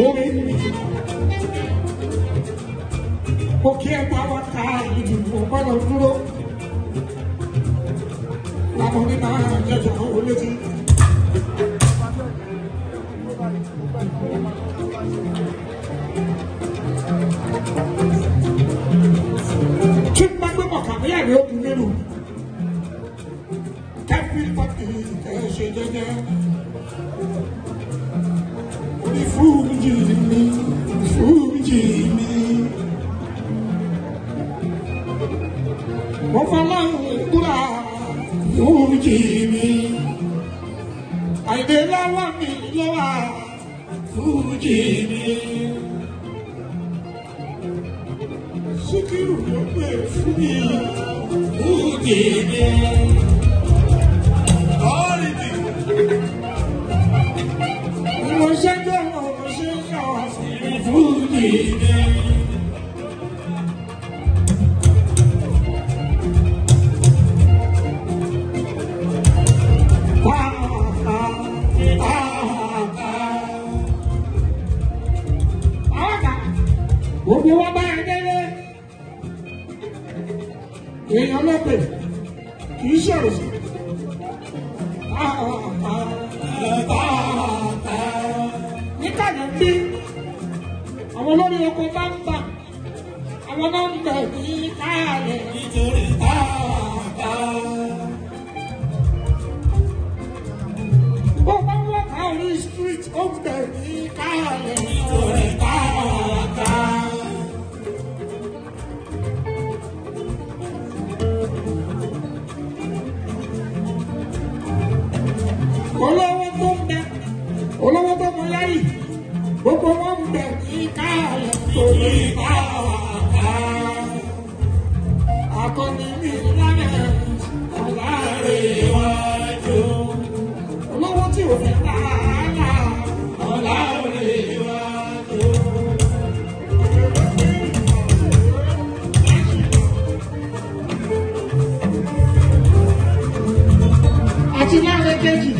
Baby, o que é para cair? O para duro, a bonita já já olhei. Quem vai me matar? Me ajuda, o قرى يوجيني àìdè lọ́wọ́ mi ló wà fújì ni. Síkírù ló pè fún mi fújì ni. ó fi wá bá adélé èèyàn lọ́pẹ̀ kì í sọ̀rọ̀ sí. nígbà tó bí àwọn olórí oko bá ń bà àwọn náà ń bẹ̀ ní káàlẹ̀ nítorí táàbà. olówó tó ń bẹ olówó tó mọ láyì gbogbo wọn ń bẹ ní káàlẹ̀ torí káàkà akọni ní ìlànà ọ̀làrẹ̀ wájú olówó tí ò fẹ́ rárá ọ̀làrẹ̀ wájú. àti láàrin kejì.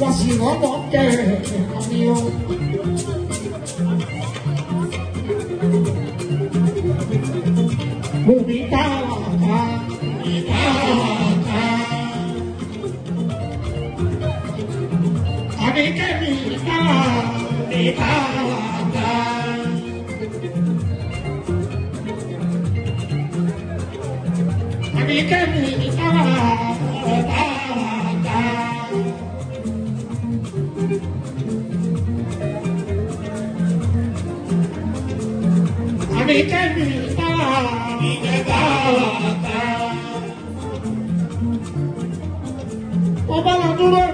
wọ́n sì rọ́pọ̀ kẹ̀kẹ́ kan ní o. mo ní tààtà tààtà. àbíkẹ́mi tààtà tààtà. àbíkẹ́mi tààtà tààtà. kẹ́mi sára ìjẹta ọ̀tá. Mo bá lọ dúró.